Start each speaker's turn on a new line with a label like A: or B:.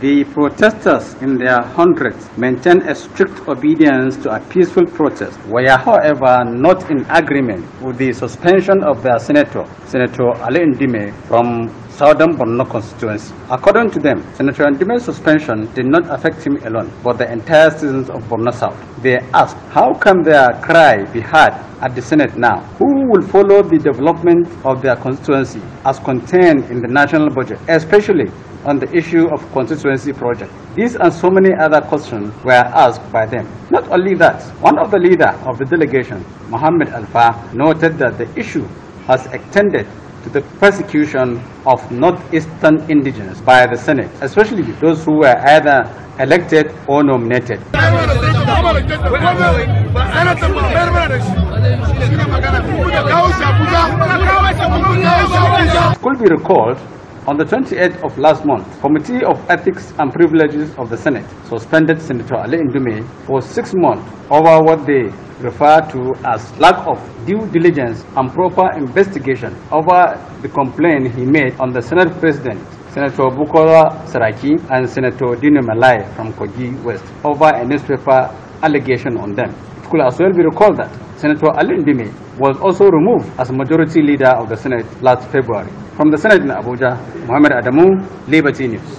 A: The protesters in their hundreds maintained a strict obedience to a peaceful protest, are, however not in agreement with the suspension of their senator, Senator Ali Ndime, from Southern Borno constituency. According to them, Senator Ndime's suspension did not affect him alone, but the entire citizens of Borno South. They asked, how can their cry be heard at the Senate now? Who will follow the development of their constituency as contained in the national budget, especially on the issue of constituency project. These and so many other questions were asked by them. Not only that, one of the leader of the delegation, Mohammed Alfa, noted that the issue has extended to the persecution of northeastern indigenous by the Senate, especially those who were either elected or nominated. Could be recalled on the 28th of last month, Committee of Ethics and Privileges of the Senate suspended Senator Ali Ndume for six months over what they refer to as lack of due diligence and proper investigation over the complaint he made on the Senate President Senator Bukola Saraki and Senator Dino Malai from Kogi West over a newspaper allegation on them. It could as well be recalled that Senator Alin Dime was also removed as majority leader of the Senate last February. From the Senate in Abuja, Muhammad Adamu, Liberty News.